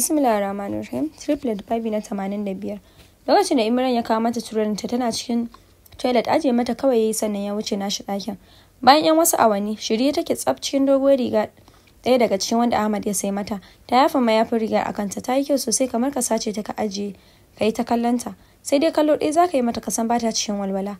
Bismillah Rahman Rahim, triplet babi na 85. Lokacin da Imran ya kawo mata turarinta tana cikin toilet aje mata kawai yayi sannan ya wuce nashi ɗakin. Bayan 'yan wasu awanni, shirye take tsaf cikin doguwar riga ɗaya daga cikin wanda Ahmad ya sai mata. Ta yafa mayafin rigar a kanta ta yi kyau sosai kamar ka sace ta ka ajiye ka yi ta kallonta. Sai dai kallo ɗaya za ka yi mata kasan bata cikin walwala.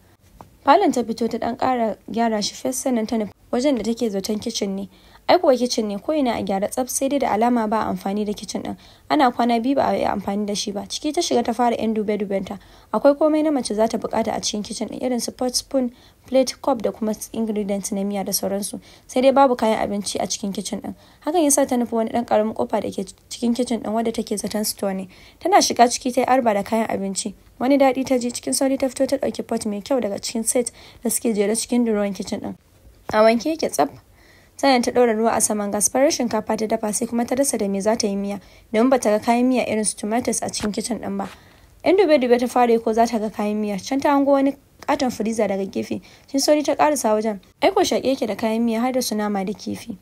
Falon ta fito ta ɗan ƙara gyara shi fes sannan ta nufi wajen da take zaton kicin ne. ai kuwa kicin ne ko ina a gyara tsaf sai dai da alama ba amfani da kicin din ana kwana biyu ba a yi amfani da shi ba ciki ta shiga ta fara yan dube ta akwai komai na mace za ta bukata a cikin kicin din irin su pot spoon plate cup da kuma ingredients na miya da sauransu sai dai babu kayan abinci a cikin kicin din hakan yasa ta nufi wani dan karamin kofa da ke cikin kicin din wadda take zaton store ne tana shiga ciki ta yi arba da kayan abinci wani daɗi ta ji cikin sauri ta fito ta ɗauki pot mai kyau daga cikin set da suke jere cikin durowan kicin din a wanke yake tsaf sannan ta ɗora ruwa a saman gas farar shinkafa ta dafa sai kuma ta rasa da me za ta yi miya domin ba ta ga kayan miya irin su tomatoes a cikin kicin ɗin ba yan dube dube ta fara ko za ta ga kayan miya can ta hango wani katon firiza daga gefe sun sauri ta karasa wajen aiko shaƙe yake da kayan miya har da su nama da kifi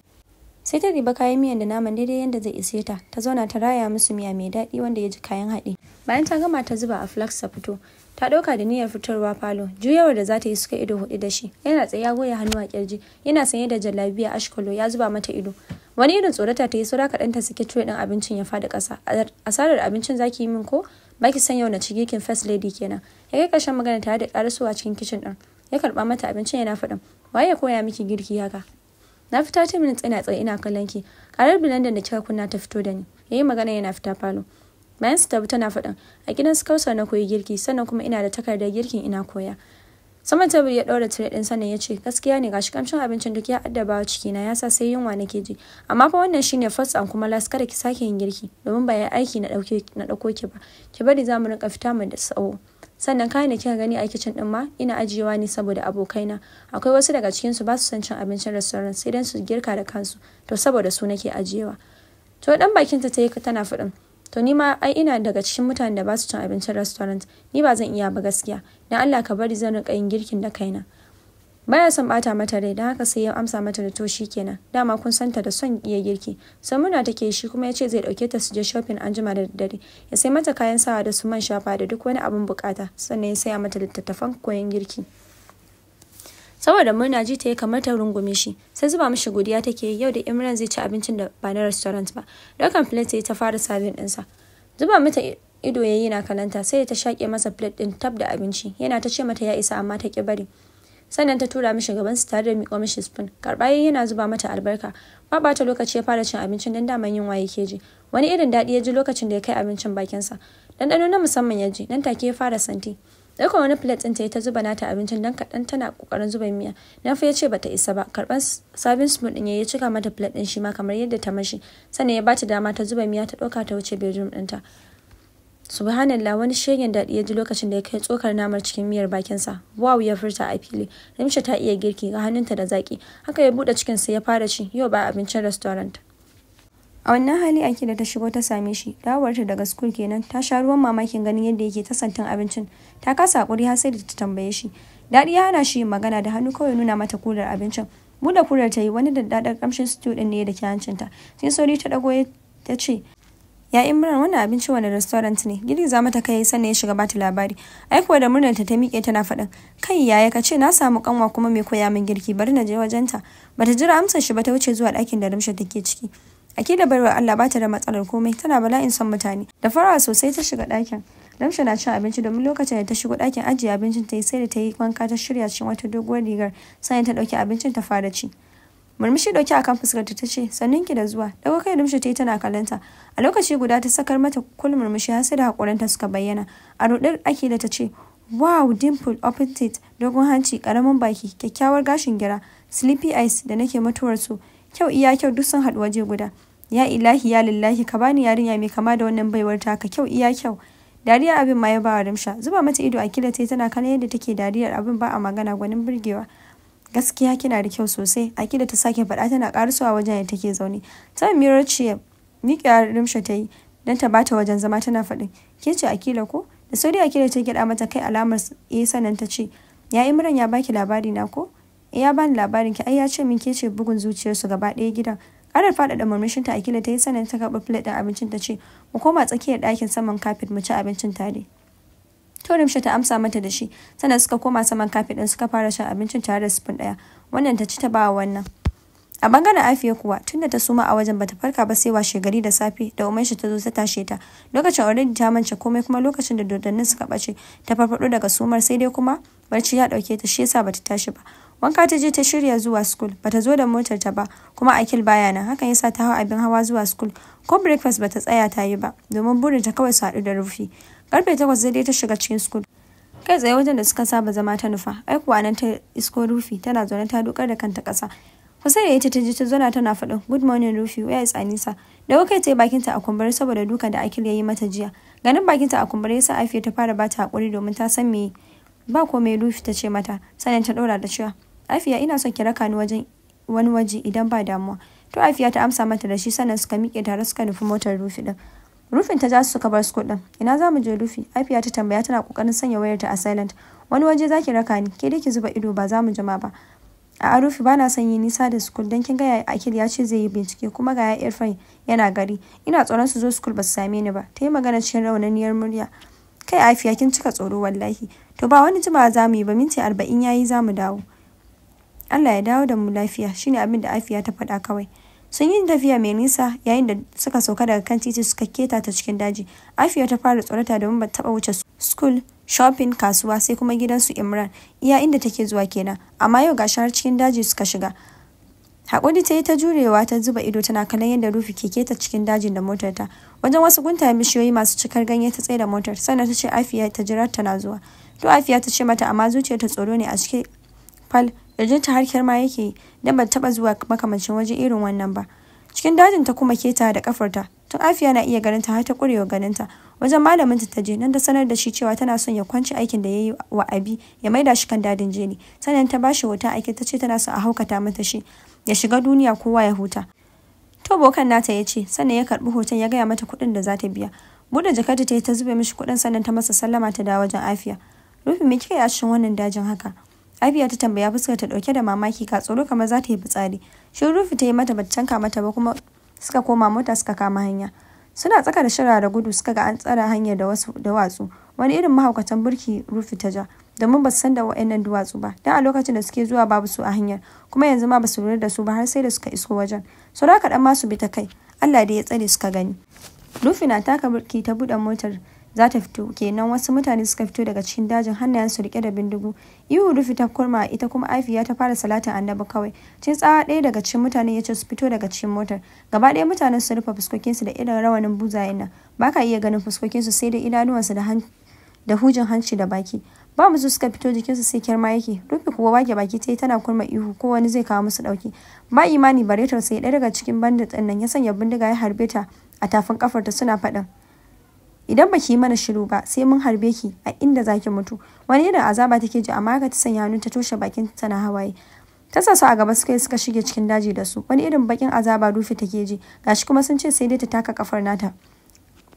sai ta riba kayan miyan da naman daidai yadda zai ise ta ta zauna ta raya musu miya mai daɗi wanda ya ji kayan haɗi bayan ta gama ta zuba a flask ta fito ta ɗauka da niyyar fitarwa falo juyawar da za ta yi suka ido hudu da shi yana tsaye ya goya hannu a kirji yana sanye da jallabiya ashkolo ya zuba mata ido wani irin tsorata ta yi saura kaɗan ta suke tire ɗin abincin ya faɗi ƙasa asarar abincin za ki yi min ko ba ki san yau na ci girkin first lady kenan ya kai ƙarshen magana tare da ƙarasuwa cikin kicin ɗin ya karɓa mata abincin yana faɗin waye ya koya miki girki haka na fita ta minti ina tsaye ina kallon ki karar bilandan da kika kunna ta fito da ni yayi magana yana fita falo bayan su tafi tana faɗin a gidan su kausar na koyi girki sannan kuma ina da takardar girkin ina koya saman tabir ya ɗaura tire ɗin sannan ya ce gaskiya ne gashi kamshin abincin duk ya addaba ciki na yasa sai yunwa nake ji amma fa wannan shine first and kuma last kada ki sake yin girki domin ba ya aiki na ɗauke na ɗauko ki ba ki bari za mu rinka fita mu da tsawo sannan kayan da kika gani a kicin din ma ina ajiyewa ne saboda abokaina akwai wasu daga cikin su ba su son cin abincin restaurant sai dan su girka da kansu to saboda su nake ajiyewa to dan bakinta ta yi tana faɗin to ni ma ai ina daga cikin mutanen da ba su cin abincin restaurant ni ba zan iya ba gaskiya na Allah ka bari zan rinka yin girkin da kaina baya son bata mata rai dan haka sai ya amsa mata da to kenan dama kun santa da son iya girki sai muna take shi kuma ya ce zai dauke ta su je shopping an jima da daddare ya sai mata kayan sawa da su man shafa da duk wani abun bukata sannan ya saya mata littattafan koyon girki saboda murna ji ta yi kamar ta rungume shi sai zuba mishi godiya take yi yau da imran zai ci abincin da ba na restaurant ba daukan plate ya ta fara sabin ɗinsa zuba mata ido yayi na kalanta sai ta shaƙe masa plate ɗin tab da abinci yana ta ce mata ya isa amma ta ki bari sannan ta tura mishi gaban su tare da miƙo mishi spoon karɓa yana zuba mata albarka ba ta lokaci ya fara cin abincin dan daman yin waye ke ji wani irin daɗi ya ji lokacin da ya kai abincin bakinsa ɗanɗano na musamman ya ji nan take ya fara santi daukar wani plate ɗin ta yi ta zuba nata abincin don kaɗan tana ƙoƙarin zuba miya na nafi ya ce bata isa ba karɓar sabin spoon ɗin ya cika mata plate ɗin shi ma kamar yadda ta mashi sannan ya bata dama ta zuba miya ta ɗauka ta wuce bedroom ɗinta subhanallah wani shegen daɗi ya ji lokacin da ya kai tsokar namar cikin miyar bakinsa wow ya furta a fili rimsha ta iya girki ga hannunta da zaki haka ya buɗe cikinsa ya fara ci yau ba abincin restaurant a wannan hali ake da ta shigo ta same shi dawarta daga school kenan ta sha ruwan mamakin ganin yadda yake ta santin abincin ta kasa hakuri har sai da ta tambaye shi daɗi ya hana shi yin magana da hannu kawai nuna mata kular abincin buɗe kular ta yi wani daddaɗar kamshin stew ɗin ne da ke hancinta sai sauri ta ɗago ta ce ya imran wannan abinci wani restaurant ne za mata kai sannan ya shiga bata labari aikuwa da murnar ta ta miƙe tana faɗin kai yaya ka ce na samu kanwa kuma mai koya min girki bari na je wajenta bata jira amsar shi ba ta wuce zuwa ɗakin da rumsha take ciki akida baiwar Allah ba ta da matsalar komai tana bala'in son mutane da farawa sosai ta shiga ɗakin Ramsha na cin abinci domin lokacin da ta shigo ɗakin ajiye abincin ta yi sai da ta yi wanka ta shirya cikin wata doguwar rigar sannan ta ɗauki abincin ta fara ci. Murmushi ɗauki akan fuskar ta ce sannin ki da zuwa dago kai Ramsha ta yi tana kalanta. a lokaci guda ta sakar mata kul murmushi har sai da haƙoranta suka bayyana a ruɗar ake da ta ce wow dimple open teeth dogon hanci ƙaramin baki kyakkyawar gashin gira sleepy eyes da nake mutuwar su kyau iya kyau duk sun haɗu waje guda. ya ilahi ya lillahi ka bani yarinya mai kama da wannan baiwar ta ka kyau iya kyau dariya abin ma ya bawa rimsha zuba mata ido a kila tai tana kallon yadda take dariyar abin ba a magana gwanin burgewa gaskiya kina da kyau sosai a kila ta sake faɗa tana karsuwa wajen da take zaune ta mirar ce miƙa rimsha ta yi dan ta bata wajen zama tana faɗin ke ce akila ko da sauri akila ta gyaɗa mata kai alamar eh sanan ta ce ya imran ya baki labari na ko eh, ya bani labarin ki ai ya ce min ke ce bugun zuciyarsu gaba ɗaya gidan Karar faɗaɗa murmushin a kila ta yi sanin ta karɓi plate ɗin abincin ta ce, mu koma tsakiyar ɗakin saman kafet mu ci abincin tare. Torimsha ta amsa mata da shi, sannan suka koma saman kafet ɗin suka fara shan abincin tare da spoon ɗaya, wannan ta ci ta ba wannan. A bangaren Afiya kuwa, tunda ta suma a wajen bata farka ba sai washe gari da safe da umarshi ta zo ta tashe ta. Lokacin already ta mance komai kuma lokacin da dodannin suka bace ta farfado daga sumar sai dai kuma barci ya dauke ta shi yasa bata tashi ba. wanka ta je ta shirya zuwa school bata zo da motar ta ba kuma akil baya nan hakan yasa ta hau abin hawa zuwa school ko breakfast bata tsaya ta yi ba domin burin ta kawai su haɗu da rufi karfe takwas dai ta shiga cikin school kai tsaye wajen da suka saba zama ta nufa ai kuwa nan ta isko rufi tana zaune ta dukar da kanta kasa kusa da ita ta ji ta zauna tana faɗin good morning rufi waya is anisa da kai ta yi bakinta a kumbure saboda duka da akil ya yi mata jiya ganin bakinta a kumbure yasa afiya ta fara bata hakuri domin ta san me ba komai rufi ta ce mata sannan ta ɗora da cewa Afiya ina son ki raka ni wajen wani waje idan ba damuwa. To Afiya ta amsa mata da shi sannan suka miƙe tare suka nufi motar rufi din. Rufin ta za su suka bar su kuɗin Ina za mu je rufi? Afiya ta tambaya tana kokarin sanya wayar ta a silent. Wani waje za ki raka ni, ke dai ki zuba ido ba za mu jima ba. A rufi bana son yi nisa da school don kin ga ya Akil ya ce zai yi bincike kuma ga ya Irfan yana gari. Ina tsoron su zo school ba su same ni ba. Ta yi magana cikin raunaniyar murya. Kai Afiya kin cika tsoro wallahi. To ba wani jima za mu yi ba minti arba'in yayi za mu dawo. Allah ya dawo da mu lafiya shine abin da Afiya ta faɗa kawai. Sun yi tafiya mai nisa yayin da suka sauka daga kan titi suka keta ta cikin daji. Afiya ta fara tsorata domin ba taɓa wuce school, shopping, kasuwa sai kuma gidan su Imran iya inda take zuwa kenan. Amma yau gashi har cikin daji suka shiga. Hakuri ta yi ta jurewa ta zuba ido tana kallon yadda Rufi ke keta cikin dajin da motar ta Wajen wasu kuntayen bishiyoyi masu cikar ganye ta tsaye da motar sannan ta ce Afiya ta jira tana zuwa. To Afiya ta ce mata amma zuciyar ta tsoro ne a cikin fal kirjinta har ma yake yi ba taba zuwa makamancin waje irin wannan ba cikin dajin ta kuma keta da kafarta tun afiya na iya ganinta har ta kurewa ganinta wajen malamin ta je nan ta sanar da shi cewa tana son ya kwanci aikin da ya yi wa abi ya maida shi kan dadin jeni sannan ta bashi hoton aiki ta ce tana son a haukata mata shi ya shiga duniya kowa ya huta to bokan nata ya ce sannan ya karbi hoton ya gaya mata kuɗin da za ta biya buɗe jakarta ta yi ta zube mishi kuɗin sannan ta masa sallama ta dawo wajen afiya rufin me kika yashin a wannan dajin haka Abiya ta tambaya fuskar ta dauke da mamaki ka tsoro kamar za ta yi fitsari. Shin rufi ta yi mata bata tanka mata ba kuma suka koma mota suka kama hanya. Suna tsaka da shirya da gudu suka ga an tsara hanyar da wasu watsu. Wani irin mahaukatan burki rufi ta ja domin ba su san da wa'annan duwatsu ba. Dan a lokacin da suke zuwa babu su a hanyar kuma yanzu ma ba su lura da su ba har sai da suka isko wajen. Saura kaɗan ma su bi ta kai. Allah da ya tsare suka gani. Rufi na taka burki ta buɗe motar za ta fito kenan wasu mutane suka fito daga cikin dajin hannayen su rike da bindigu ihu rufi ta kurma ita kuma afiya ta fara salatin annabi kawai cin tsawa ɗaya daga cikin mutane ya ce su fito daga cikin motar gaba ɗaya mutanen su rufe fuskokin su da irin rawanin buzayen nan ba ka iya ganin fuskokin su sai da idanuwansu da da hujin hanci da baki ba su suka fito jikin su sai kyarma yake rufe kuwa wake baki ta yi tana kurma ihu ko wani zai kawo musu ɗauki ba imani baretar sai ɗaya daga cikin bandit ɗin nan ya sanya bindiga ya harbe ta a tafin kafarta suna faɗin idan baki mana shiru ba sai mun harbe ki a inda zaki mutu wani irin azaba take ji amma ka ta sanya hannu ta toshe bakin ta na hawaye ta sa su a gaba suka suka shige cikin daji da su wani irin bakin azaba rufe take ji gashi kuma sun ce sai dai ta taka kafar nata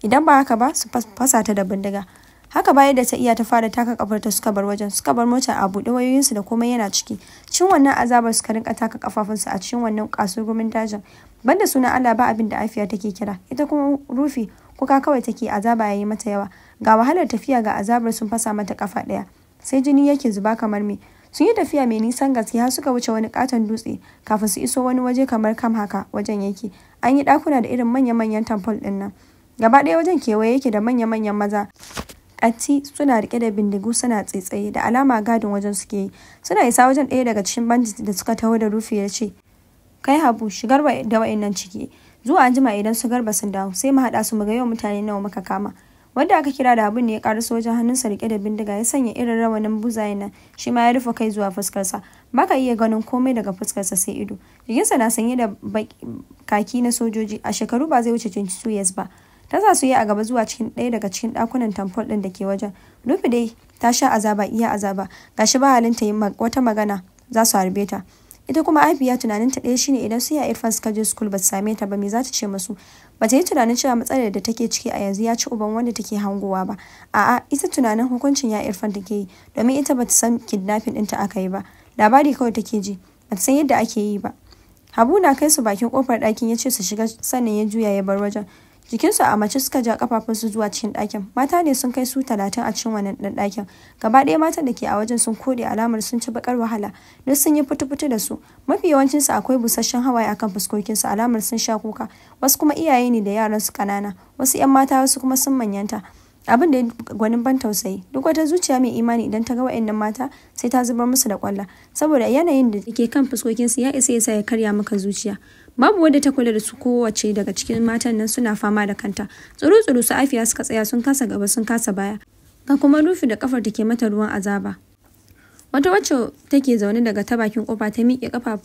idan ba haka ba su fasa ta da bindiga haka bayan da ta iya ta fara taka kafarta suka bar wajen suka bar mota a buɗe wayoyinsu da komai yana ciki cikin wannan azabar suka rinka taka kafafunsu a cikin wannan gumin dajin banda suna Allah ba abin da afiya take kira ita kuma rufi kuka kawai take azaba yayi mata yawa ga wahalar tafiya ga azabar sun fasa mata kafa ɗaya sai jini yake zuba kamar me sun yi tafiya mai nisan gaske har suka wuce wani katon dutse kafin su iso wani waje kamar kam haka wajen yake an yi dakuna da irin manya-manyan tamfol ɗin nan gaba ɗaya wajen kewaye yake da manya-manyan maza Atti suna rike da bindigu suna tsaitsaye da alama gadin wajen suke yi. Suna isa wajen ɗaya daga cikin bandit da suka taho da rufi ya ce, Kai Habu, shigar da wa'innan ciki. Zuwa anjima idan su garba sun dawo, sai mu haɗa su mu ga yau mutane nawa muka kama. Wanda aka kira da abun ne ya ƙara wajen hannunsa rike da bindiga ya sanya irin rawanin buzayen nan shi ma ya rufe kai zuwa fuskarsa. Baka iya ganin komai daga fuskarsa sai ido. Jikinsa na sanye da kaki na sojoji a shekaru ba zai wuce cin ba. ta sa su yi a gaba zuwa cikin ɗaya daga cikin ɗakunan tamfol ɗin da ke wajen rufe dai ta sha azaba iya azaba ga shi ba halin ta yi wata magana za su harbe ta ita kuma Afiya ta ɗaya shine idan su ya Irfan suka je school ba su same ta ba me za ta ce masu. ba ta yi tunanin cewa matsalar da take ciki a yanzu ya ci uban wanda take hangowa ba a'a ita tunanin hukuncin ya Irfan take yi domin ita ba ta san kidnapping ɗinta aka yi ba labari kawai take ji ba ta san yadda ake yi ba Habu na kai su bakin kofar ɗakin ya ce su shiga sannan ya juya ya bar wajen jikinsu a mace suka ja kafafunsu zuwa cikin ɗakin mata ne sun kai su talatin a cikin wannan ɗan ɗakin gaba ɗaya matan da ke a wajen sun koɗe alamar sun ci bakar wahala duk sun yi fitu-fitu da su mafi yawancinsu akwai busasshen hawaye akan fuskokinsu alamar sun sha kuka wasu kuma iyaye ne da yaran su kanana wasu 'yan mata wasu kuma sun manyanta abin da ya gwanin ban tausayi duk wata zuciya mai imani idan ta ga wa'annan mata sai ta zubar musu da kwalla saboda yanayin da ke kan fuskokinsu ya isa ya sa ya karya maka zuciya babu wadda ta kula da su kowace daga cikin matan nan suna fama da kanta tsuru tsuru su afiya suka tsaya sun kasa gaba sun kasa baya ga kuma rufi da kafar take mata ruwan azaba wata wacce take zaune daga ta bakin kofa ta miƙe kafa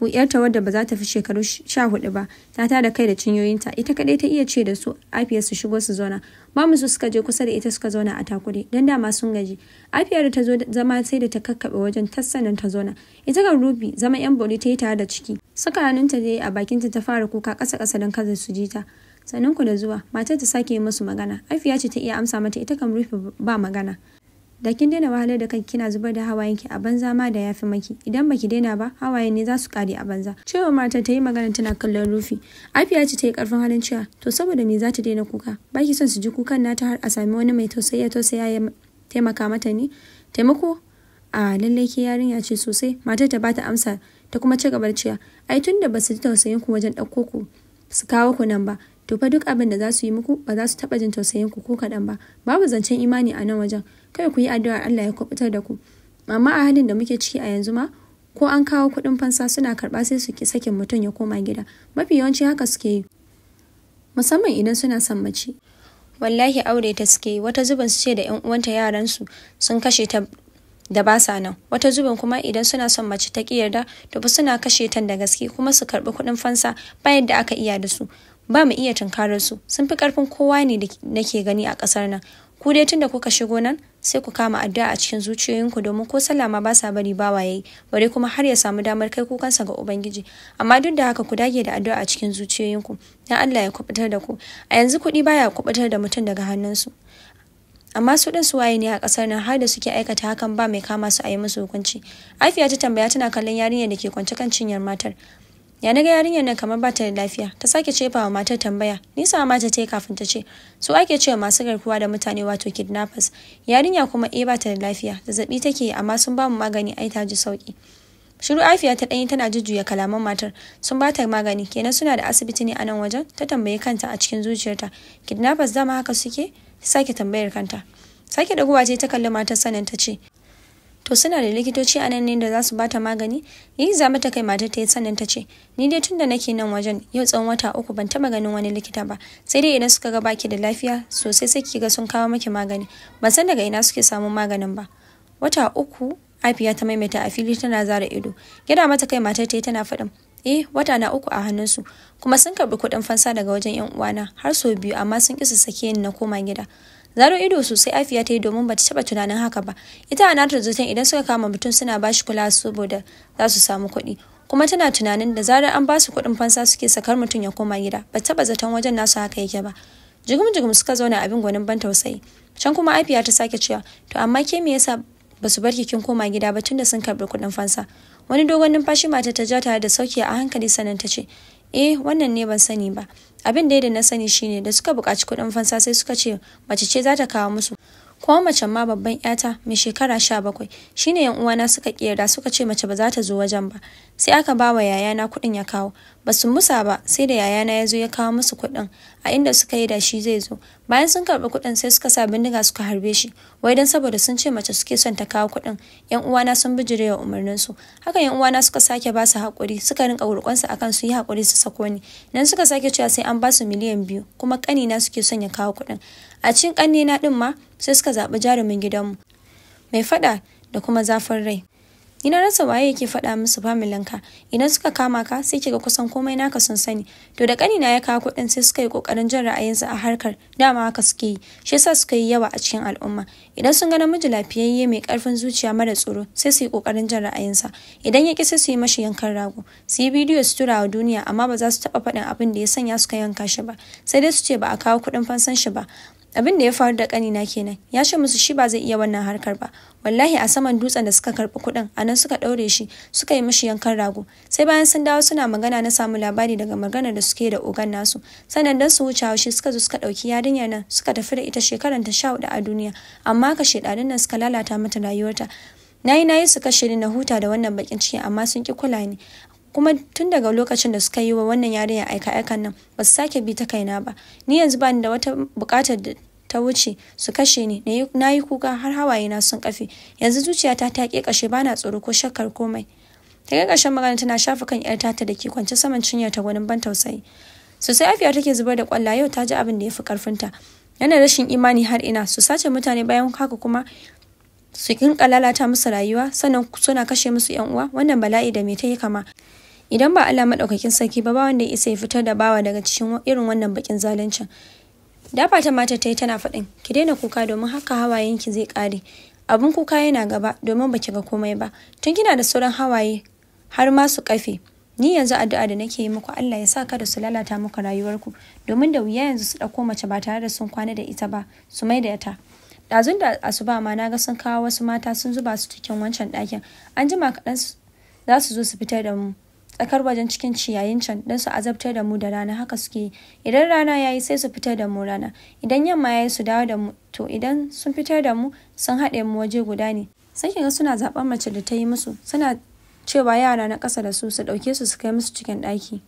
yarta wadda ba za ta fi shekaru sha hudu ba ta ta da kai da cinyoyinta ita kadai ta iya ce da su afiyar su shigo su zauna mamu su suka je kusa da ita suka zauna a takure don dama sun gaji afiyar da ta zo zama sai da ta kakkaɓe wajen tassanin ta zauna ita kan rubi zama yan bori ta yi tare da ciki saka hannunta dai a bakinta ta fara kuka kasa ƙasa don kada su ji ta sannan ku da zuwa matar ta sake yi musu magana afiya ce ta iya amsa mata ita kam rufe ba magana da kin daina wahalar da kai kina zubar da hawayenki a banza ma da yafi maki idan baki daina ba hawayen ne za su kare a banza cewa matar ta yi magana tana kallon rufi afiya ce ta yi karfin halin cewa to saboda me za ta daina kuka baki son su ji kukan nata har a sami wani mai tausayi ya tausaya ya taimaka mata ne taimako a lallai ke yarinya ce sosai matar ta bata amsa ta kuma ci gaba da cewa ai tun da basu ji tausayin ku wajen ɗauko ku su kawo ku nan ba to fa duk abin da za su yi muku ba za su taɓa jin tausayin ku ko kaɗan ba babu zancen imani a nan wajen kai ku yi addu'a Allah ya kwabtar da ku amma a halin da muke ciki a yanzu ma ko an kawo kuɗin fansa suna karɓa sai su ki sakin mutum ya koma gida mafi yawanci haka suke yi musamman idan suna son mace wallahi aure ta suke wata zuban su ce da yan uwanta yaran su sun kashe ta da ba sa nan wata zubin kuma idan suna son mace ta ki yarda to ba suna kashe tan da gaske kuma su karbi kuɗin fansa ba yadda aka iya da su ba mu iya tunkarar su sun fi karfin kowa ne da nake gani a ƙasar nan ku dai tunda kuka shigo nan sai ku kama addu'a a cikin zuciyoyinku domin ko sallah ma ba sa bari ba waye bare kuma har ya samu damar kai kukansa ga ubangiji amma duk da haka ku dage da addu'a a cikin zuciyoyinku dan Allah ya kubutar da ku a yanzu kuɗi baya kubutar da mutum daga hannunsu amma su din su waye ne a kasar nan har da suke aikata hakan ba mai kama su a yi musu hukunci afiya ta tambaya tana kallon yarinyar da ke kwance kan cinyar matar ya naga yarinyar nan kamar ba ta da lafiya ta sake cefa wa matar tambaya nisa mata ta yi kafin ta ce su ake cewa masu garkuwa da mutane wato kidnappers yarinya kuma eh ba ta da lafiya zazzabi take amma sun ba mu magani ai ta ji sauki shiru afiya ta danyi tana jujjuya kalaman matar sun bata magani kenan suna da asibiti ne a nan wajen ta tambayi kanta a cikin zuciyarta kidnappers dama haka suke sake tambayar kanta sake dagowa ce ta kalli matar sanin ta ce to suna da likitoci a nan ne da za su bata magani yi za mata kai matar ta yi sanin ta ce ni dai tun da nake nan wajen yau tsawon wata uku ban taba ganin wani likita ba sai dai idan suka ga baki da lafiya sosai sai ki ga sun kawo maki magani ban san daga ina suke samun maganin ba wata uku Afiya ta maimaita a fili tana zara ido. Gida mata kai matar ta yi tana faɗin, eh wata na uku a hannunsu kuma sun karbi kuɗin fansa daga wajen yan uwana har sau biyu amma sun kisa sake ni na koma gida zaro ido sosai afiya ta yi domin bata taba tunanin haka ba ita a nata zaton idan suka kama mutum suna bashi kula saboda za su samu kuɗi kuma tana tunanin da zarar an basu kuɗin fansa suke sakar mutum ya koma gida ba taba zaton wajen nasu haka yake ba jigum-jigum suka zauna abin gwanin ban tausayi can kuma afiya ta sake cewa to amma ke me yasa basu barki kin koma gida ba tunda sun karbi kuɗin fansa wani dogon numfashi mata ta ja tare da sauki a hankali sannan ta ce eh wannan ne ban sani ba abin da na sani shine da suka buƙaci kuɗin fansa sai suka ce mace ce za ta kawo musu kuma macen ma babban yata mai shekara sha bakwai shine yan uwana suka kiyarda suka ce mace ba za ta zo wajen ba sai aka ba wa yayana kuɗin ya kawo ba su musa ba sai da yayana ya zo ya kawo musu kuɗin a inda suka yi da shi zai zo bayan sun karɓi kuɗin sai suka sa bindiga suka harbe shi wai dan saboda sun ce mace suke son ta kawo kuɗin yan uwana sun bijire wa umarnin su haka yan uwana suka sake ba su haƙuri suka rinka su akan su yi haƙuri su sako ni nan suka sake cewa sai an ba su miliyan biyu kuma ƙanina suke son ya kawo kuɗin a cikin ƙannena ɗin ma sai suka zaɓi jarumin gidanmu mai faɗa da kuma zafin rai ni na rasa waye yake faɗa musu familinka idan suka kama ka sai kiga kusan komai naka sun sani to da ƙanina ya kawo kuɗin sai suka yi ƙoƙarin jin ra'ayinsa a harkar dama haka suke yi shi yasa suka yi yawa a cikin al'umma idan sun ga namiji lafiyayye mai ƙarfin zuciya mara tsoro sai su yi ƙoƙarin jin ra'ayinsa idan ya ƙi sai su yi mashi yankan rago su yi bidiyo su tura wa duniya amma ba za su taɓa faɗin abin da ya sanya suka yanka shi ba sai dai su ce ba a kawo kuɗin fansan shi ba abin da ya faru da kanina kenan ya ce musu shi ba zai iya wannan harkar ba wallahi a saman dutsen da suka karbi kuɗin a nan suka ɗaure shi suka yi mishi yankan rago sai bayan sun dawo suna magana na samu labari daga maganar da suke da ogan nasu sannan dan su wuce shi suka zo suka ɗauki yarinyar nan suka tafi da ita shekaran ta sha hudu a duniya amma ka shedanin nan suka lalata mata rayuwarta nayi nayi su kashe ni na huta da wannan bakin ciki amma sun ki kula ni kuma tun daga lokacin da suka yi wa wannan yarinya aika aikan nan ba su sake bi ta kaina ba ni yanzu ba ni da wata bukatar ta wuce su kashe ni na yi kuka har hawaye na sun kafe yanzu zuciyata ta ke kashe bana tsoro ko shakkar komai ta ga ƙashen magana tana shafa kan yar ta da ke kwance saman cinya ta gwanin ban tausayi sosai afiya take zubar da kwallo yau ta ji abin da ya fi ƙarfinta yana rashin imani har ina su sace mutane bayan haka kuma su kinka lalata musu rayuwa sannan suna kashe musu yan uwa wannan bala'i da me ta yi kama idan ba Allah madaukakin sarki ba ba wanda ya isa ya fitar da bawa daga cikin irin wannan bakin zaluncin dafa ta mata ta yi tana faɗin ki daina kuka domin haka hawayenki zai ƙare abun kuka yana gaba domin baki ga komai ba tun kina da sauran hawaye har ma su kafe ni yanzu addu'a da nake yi muku Allah ya sa kada su lalata muku rayuwarku domin da wuya yanzu su ɗauko mace ba tare da sun kwana da ita ba su mai da ta ɗazun da asuba ma na ga sun kawo wasu mata sun zuba su cikin wancan ɗakin an jima kaɗan za su zo su fitar da mu tsakar wajen cikin ciyayin can don su azabtar da mu da rana haka suke yi idan rana ya yi sai su fitar da mu rana idan yamma ya yi su dawo da mu to idan sun fitar da mu sun haɗe mu waje guda ne sai kiga suna zaɓar mace da ta yi musu suna cewa yara na ƙasa da su su ɗauke su su kai musu cikin ɗaki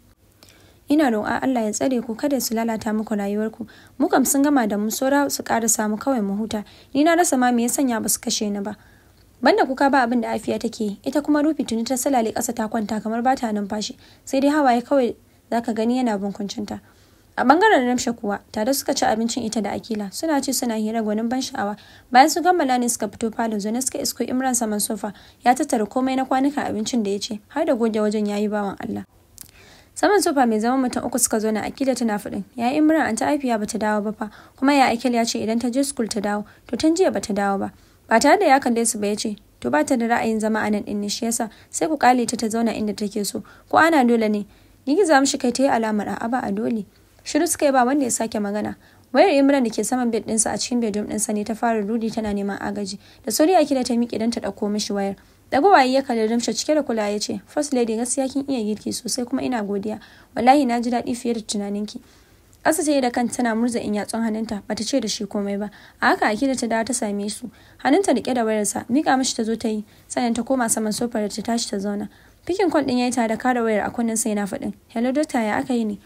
ina roƙa Allah ya tsare ku kada su lalata muku rayuwarku mu kam sun gama da mu sora su ƙarasa mu kawai mu huta ni na rasa ma me ya sanya ba su kashe ni ba banda kuka ba abin da afiya take ita kuma rufi tuni ta salale ƙasa ta kwanta kamar bata ta numfashi sai dai hawaye kawai zaka gani yana bunkuncinta a bangaren ramsha kuwa tare suka ci abincin ita da akila suna ci suna hira gwanin ban sha'awa bayan su kammala ne suka fito falon zane suka isko imran saman sofa ya tattara komai na kwanukan abincin da ya ce har da goge wajen ya yi bawan allah saman sofa mai zama mutum uku suka zo na akila tana faɗin ya yi imran an ta aifiya bata dawo ba fa kuma ya akila ya ce idan ta je school ta dawo to tun jiya bata dawo ba ba tare da ya kalle su ba ya ce to ba ta da ra'ayin zama a nan ɗin ne shi yasa sai ku kale ta ta zauna inda take so ko ana dole ne girgiza mishi kai ta yi alamar a'a ba a dole shiru suka yi ba wanda ya sake magana wayar imran da ke saman bed ɗinsa a cikin bedroom ɗinsa ne ta fara rudi tana neman agaji da sauri a kira ta miƙe don ta ɗauko mishi wayar waye ya kalli rimsha cike da kula ya ce first lady gaskiya kin iya girki sosai kuma ina godiya wallahi na ji daɗi fiye da tunaninki asa ta da kanta tana murza in yatsun hannunta bata ce da shi komai ba. A haka Akida ta dawo ta same su. Hannunta rike da wayarsa mika mishi ta zo ta yi sannan ta koma saman sofar da ta tashi ta zauna. Fikin kwan din ya yi tare da kare wayar a kunnen sai na faɗin. Hello doctor ya aka yi ne?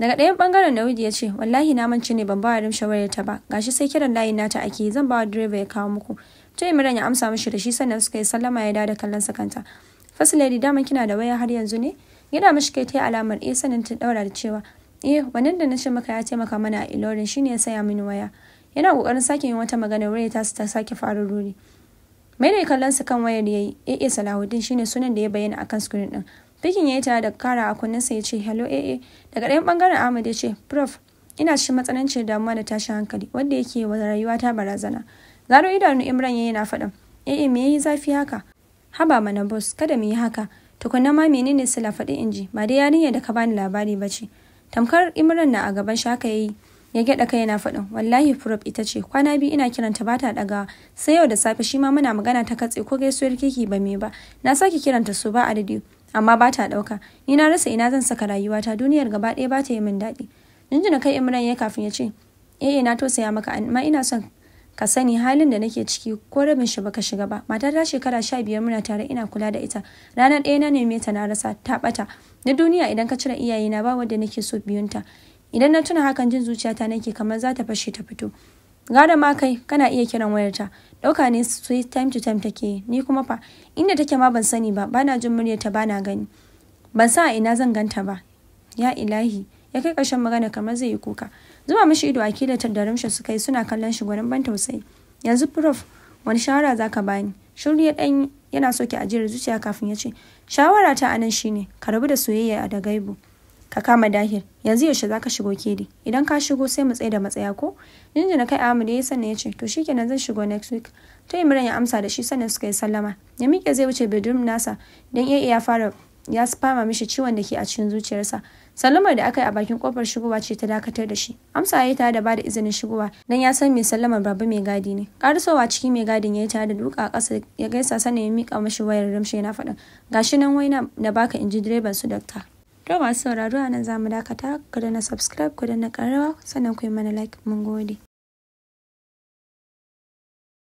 Daga ɗayan ɓangaren Naudi ya ce, Wallahi na mance ne ban bawa rimshe wayar ta ba, gashi sai kiran layin nata ake yi zan bawa direba ya kawo muku. Ta Imran ya amsa mishi da shi sannan suka yi sallama ya dada kallon sa kanta. First lady daman kina da waya har yanzu ne? Gida mishi kai ta alamar eh sanin ta daura da cewa eh wannan da na ce maka ya taimaka mana a ilorin shine ya saya mini waya yana kokarin sake yin wata magana wuri ta ta sake fara ruri mai da kallon su kan wayar yayi eh Salahuddin shine sunan da ya bayyana akan screen din fikin yayi tare da kara a kunnen sa yace hello eh daga ɗayan bangaren Ahmad ce prof ina cikin matsanancin damuwa da tashin hankali wanda yake wa rayuwa ta barazana gano idanu Imran yayi na faɗin eh me yayi zafi haka haba mana boss kada mu yi haka tukunna ma menene sila faɗi inji ba dai yarinya da ka bani labari ba ce tamkar imran na a gaban shaka yayi ya gyada kai yana faɗin wallahi furof ita ce kwana biyu ina kiranta ba ta ɗagawa sai yau da safe shi ma muna magana ta katse ko gaisuwar kiki ba me ba na sake kiranta su ba a adadi amma ba ta ɗauka ni na rasa ina zan saka rayuwata duniyar gaba ɗaya ba ta yi min daɗi jinjina kai imran ya kafin ya ce eh na tausaya maka amma ina son ka sani halin da nake ciki ko rabin shi baka shiga ba matata ta shekara sha biyar muna tare ina kula da ita ranar ɗaya na neme ta na rasa ta ɓata na duniya idan ka cire iyayena ba wanda nake so biyunta idan na tuna hakan jin zuciyata nake kamar za ta fashe ta fito gara ma kai kana iya kiran wayarta ɗauka ne sai time to time take ni kuma fa inda take ma ban sani ba bana jin ta bana gani ban sa a ina zan ganta ba ya ilahi ya kai ƙarshen magana kamar zai yi kuka zuba mashi ido a kila da rumsha suka yi suna kallon shi gwanin ban tausayi yanzu prof wani shawara za zaka bani shiru ya dan yana so ki ajiyar zuciya kafin ya ce shawara ta anan shine ka rabu da soyayya da gaibu ka kama dahir yanzu yaushe za ka shigo kedi idan ka shigo sai mu tsaye da matsaya ko jinjina kai Ahmad ya sannan ya ce to shikenan zan shigo next week ta Imran ya amsa da shi sannan suka yi sallama ya miƙe zai wuce bedroom nasa dan iya ya fara ya spama mishi ciwon da ke a cikin zuciyarsa sallamar da aka yi a bakin kofar shigowa ce ta dakatar da shi amsa ya yi tare da bada izinin shigowa don ya san mai sallamar babu mai gadi ne karisowa ciki mai gadin ya yi tare da duka a ƙasa ya gaisa sannan ya mika mashi wayar ramshe yana faɗin gashi nan wai na baka inji direban su dakta to masu sauraro a nan za mu dakata ku na subscribe ku na ƙararrawa sannan ku yi mana like mun gode